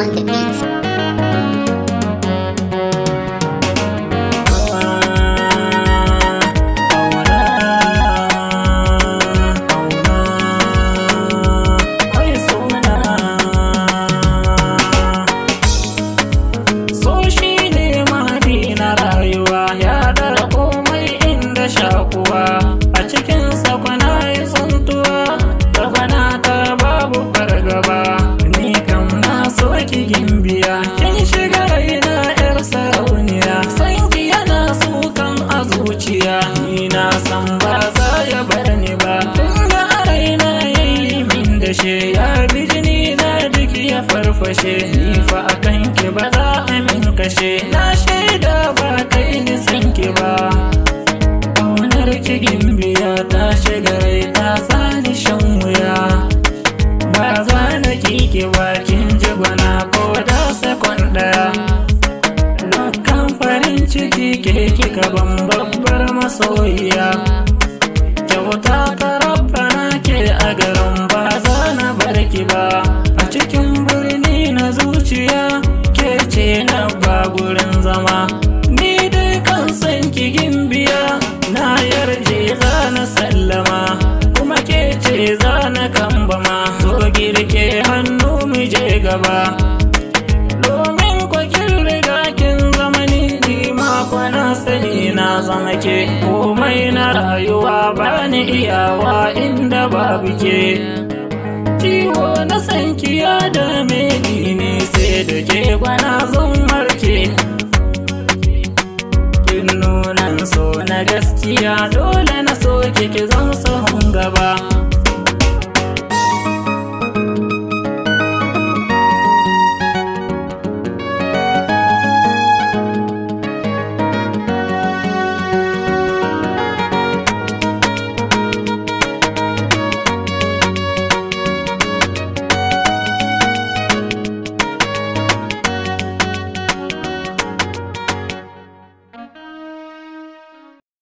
on the beats. farfashe ni fa kan ke ba za a min kashe na shaida ba kai ni san ki ba Ƙaunar ki biya ta shiga rai ta sani shan wuya ba za na kike ba kin ji gwana ko da sekon daya dukkan farin ciki ke kika ban babbar masoyiya kyauta ta na ke a garin ba za na barki ba ba gurin zama ni dai kan san kigin biya na yarje za na sallama kuma ke ce za na kambama zo girke hannu mu je gaba domin ku kin riga kin zama ni ni ma sani na zama ke komai na rayuwa ba ni iyawa inda babu ke ciwo na san ki ya me ni sai da ke gwana zan gaskiya dole na soke ki zan sahun gaba